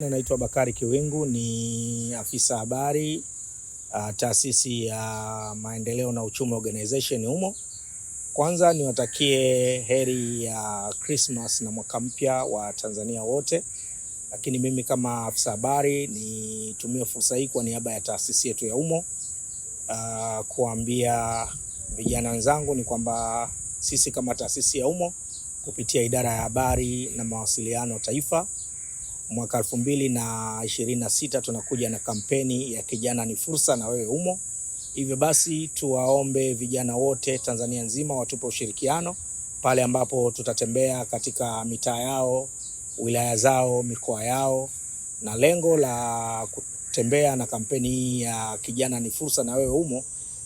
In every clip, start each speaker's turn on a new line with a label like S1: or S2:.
S1: Naitwa Bakari Kiwingu, ni afisa habari uh, taasisi ya uh, maendeleo na uchumi organization humo. Kwanza niwatakie heri ya uh, Christmas na mwaka mpya wa Tanzania wote, lakini mimi kama afisa habari nitumie fursa hii kwa niaba ya taasisi yetu ya umo uh, ah, kuambia vijana wenzangu ni kwamba sisi kama taasisi ya umo kupitia idara ya habari na mawasiliano taifa mwaka elfu mbili na ishirini na sita tunakuja na kampeni ya kijana ni fursa na wewe umo. Hivyo basi tuwaombe vijana wote Tanzania nzima watupe ushirikiano pale ambapo tutatembea katika mitaa yao, wilaya zao, mikoa yao, na lengo la kutembea na kampeni hii ya kijana ni fursa na wewe umo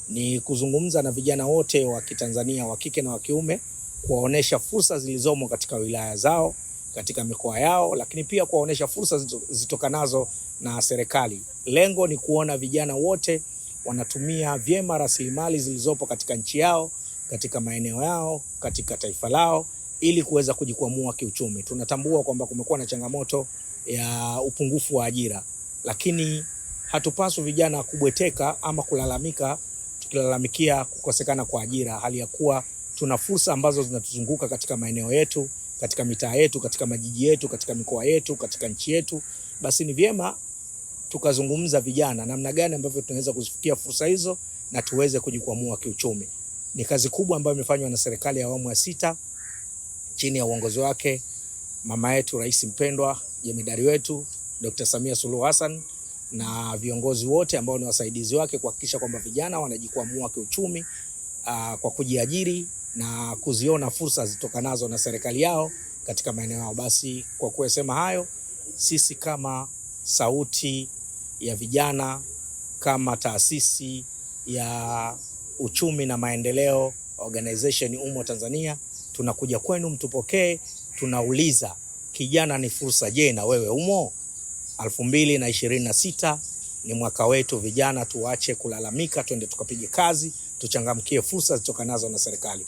S1: ni kuzungumza na vijana wote wa Kitanzania wa kike na wa kiume, kuwaonesha fursa zilizomo katika wilaya zao katika mikoa yao, lakini pia kuwaonesha fursa zitokanazo na serikali. Lengo ni kuona vijana wote wanatumia vyema rasilimali zilizopo katika nchi yao, katika maeneo yao, katika taifa lao ili kuweza kujikwamua kiuchumi. Tunatambua kwamba kumekuwa na changamoto ya upungufu wa ajira, lakini hatupaswi vijana kubweteka ama kulalamika, tukilalamikia kukosekana kwa ajira, hali ya kuwa tuna fursa ambazo zinatuzunguka katika maeneo yetu katika mitaa yetu, katika majiji yetu, katika mikoa yetu, katika nchi yetu, basi ni vyema tukazungumza vijana, namna gani ambavyo tunaweza kuzifikia fursa hizo na tuweze kujikwamua kiuchumi. Ni kazi kubwa ambayo imefanywa na serikali ya awamu ya sita chini ya uongozi wake mama yetu rais mpendwa, jemedari wetu Dr. Samia Suluhu Hassan na viongozi wote ambao ni wasaidizi wake kuhakikisha kwamba vijana wanajikwamua kiuchumi, uh, kwa kujiajiri na kuziona fursa zitokanazo na serikali yao katika maeneo yao. Basi kwa kusema hayo, sisi kama sauti ya vijana, kama taasisi ya uchumi na maendeleo organization umo Tanzania, tunakuja kwenu, mtupokee. Tunauliza, kijana ni fursa. Je, na wewe umo? 2026 ni mwaka wetu vijana, tuache kulalamika, twende tukapige kazi, tuchangamkie fursa zitokanazo na serikali.